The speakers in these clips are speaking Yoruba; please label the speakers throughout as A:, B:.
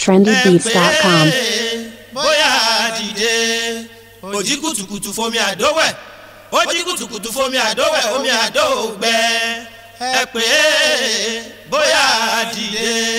A: trendybeats.com. bóyá dìde òjì kùtùkùtù fomi àdówẹ̀ òjì kùtùkùtù fomi àdówẹ̀ omi àdó ẹ pé bóyá dìde.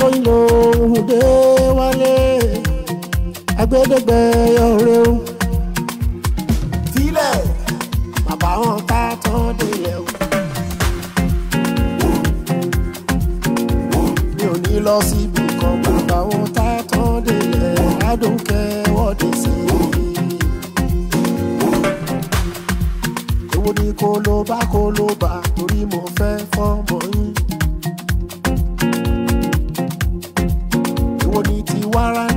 A: alóyinlo ohun wálé agbẹ́dẹ́gbẹ́ ọ̀rẹ́ o. tílẹ̀ bàbá wọn ká tán délẹ̀ o. mi ò ní lọ síbi kan bàbá wọn ká tán délẹ̀ adókẹ́ wọ́dí sí i. èwo ni kó ló bá kó ló bá torí mo fẹ́ fọ́ mọ́ èwo ni tiwa